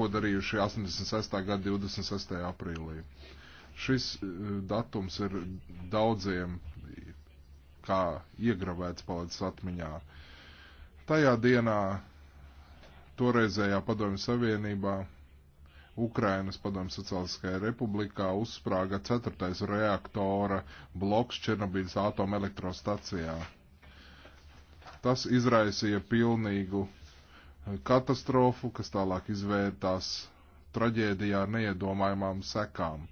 ko darījuši 86. gada 26. aprīlī. Šis e, datums ir daudziem kā iegravēts palicis atmiņā. Tajā dienā toreizējā Padomju Savienībā Ukrainas Padomju Sociāliskajā Republikā uzsprāga ceturtais reaktora bloks Černobiļas atomelektrostacijā. Tas izraisīja pilnīgu katastrofu, kas tālāk izvērtās traģēdijā ar neiedomājumām sekām.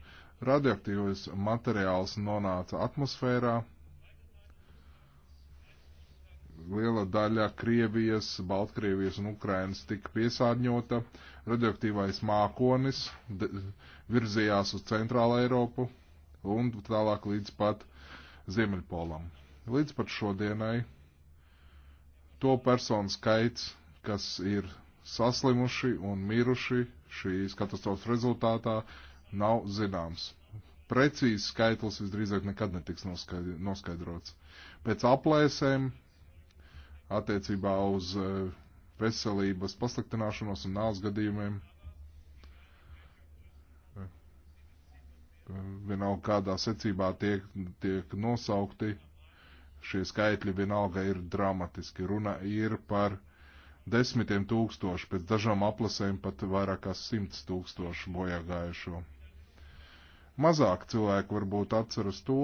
Radioaktīvais materiāls nonāca atmosfērā. Liela daļa Krievijas, Baltkrievijas un Ukrainas tika piesārņota. Radioaktīvais mākonis virzījās uz Centrālu Eiropu un tālāk līdz pat Ziemeļpolam. Līdz pat šodienai to personu skaits kas ir saslimuši un miruši šīs katastrofas rezultātā, nav zināms. Precīzi skaitlis visdrīzāk nekad netiks noskaidrots. Pēc aplēsēm attiecībā uz e, veselības pasliktināšanos un nāves gadījumiem e, vienalga kādā secībā tiek, tiek nosaukti, šie skaitļi vienalga ir dramatiski. Runa ir par desmitiem tūkstoši, pēc dažām aplasēm pat vairāk kā simts tūkstoši bojāgājušo. Mazāk cilvēku varbūt atceras to,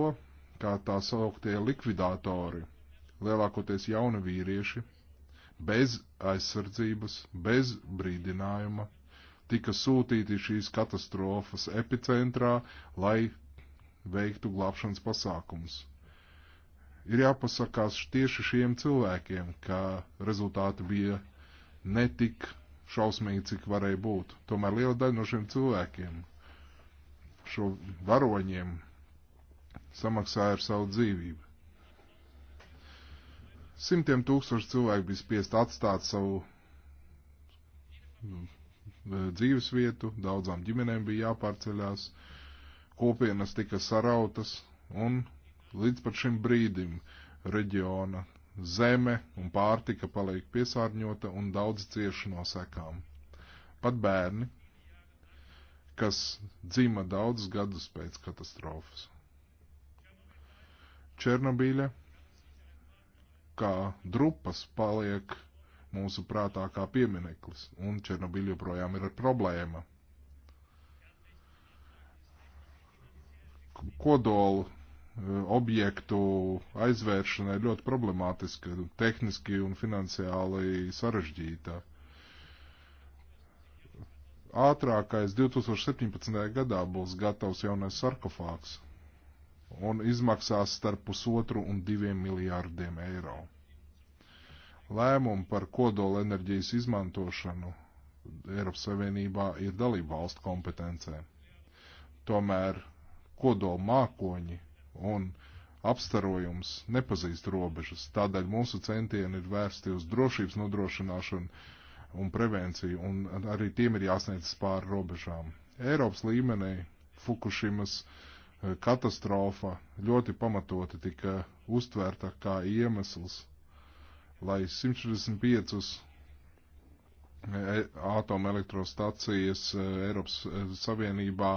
kā tā sauktie likvidātori, lielākoties jauni vīrieši, bez aizsardzības, bez brīdinājuma, tika sūtīti šīs katastrofas epicentrā, lai veiktu glābšanas pasākumus. Ir jāpasakās tieši šiem cilvēkiem, ka rezultāti bija netik šausmīgi, cik varēja būt. Tomēr liela daļa no šiem cilvēkiem, šo varoņiem, samaksāja ar savu dzīvību. Simtiem tūkstoši cilvēku bija spiest atstāt savu nu, e, dzīves vietu, daudzām ģimenēm bija jāpārceļās, kopienas tika sarautas un Līdz pat šim brīdim reģiona zeme un pārtika paliek piesārņota un daudz cieši no sekām. Pat bērni, kas dzima daudzus gadus pēc katastrofas. Černobiļa kā drupas paliek mūsu prātā kā piemineklis, un Černobiļa joprojām ir problēma. Kodolu objektu aizvēršana ir ļoti problemātiska, tehniski un finansiāli sarežģīta. Ātrākais 2017. gadā būs gatavs jaunais sarkofāks un izmaksās starp pusotru un diviem miljārdiem eiro. Lēmumu par kodola enerģijas izmantošanu Eiropas Savienībā ir dalība valstu kompetencē. Tomēr kodola mākoņi un apstarojums nepazīst robežas. Tādēļ mūsu centieni ir vērsti uz drošības nodrošināšanu un prevenciju, un arī tiem ir jāsniedz pāri robežām. Eiropas līmenī Fukushimas eh, katastrofa ļoti pamatoti tika uztvērta kā iemesls, lai 145 eh, atomelektrostacijas eh, Eiropas Savienībā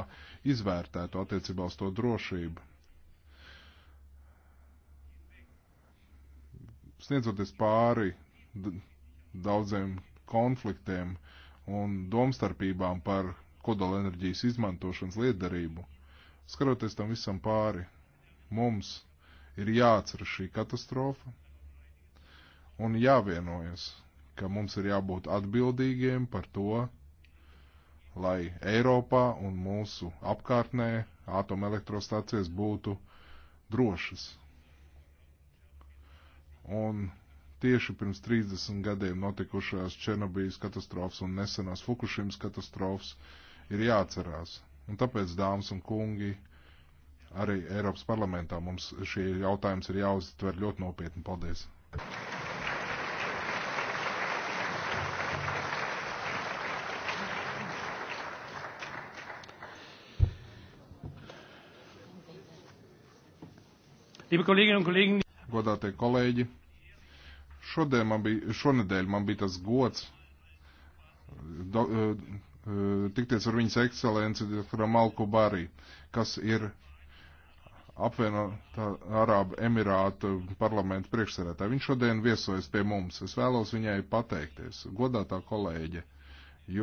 izvērtētu attiecībā uz to drošību. sniedzoties pāri daudziem konfliktiem un domstarpībām par kodolenerģijas izmantošanas lietdarību, skaroties tam visam pāri, mums ir jāatcer šī katastrofa un jāvienojas, ka mums ir jābūt atbildīgiem par to, lai Eiropā un mūsu apkārtnē atomelektrostācijas būtu drošas un tieši pirms 30 gadiem notikušās Černobijas katastrofas un nesenās Fukušimas katastrofas ir jāatcerās. Un tāpēc, dāmas un kungi, arī Eiropas parlamentā mums šie jautājums ir jāuztver ļoti nopietni. Paldies! Liebe Kolleginnen und Kollegen, godātie kolēģi. Šodien man bija, šonedēļ man bija tas gods do, eh, eh, tikties ar viņas ekscelenci, doktora Malku Barī, kas ir apvienotā Arābu Emirātu parlamentu priekšsarētāja. Viņš šodien viesojas pie mums. Es vēlos viņai pateikties, godātā kolēģe.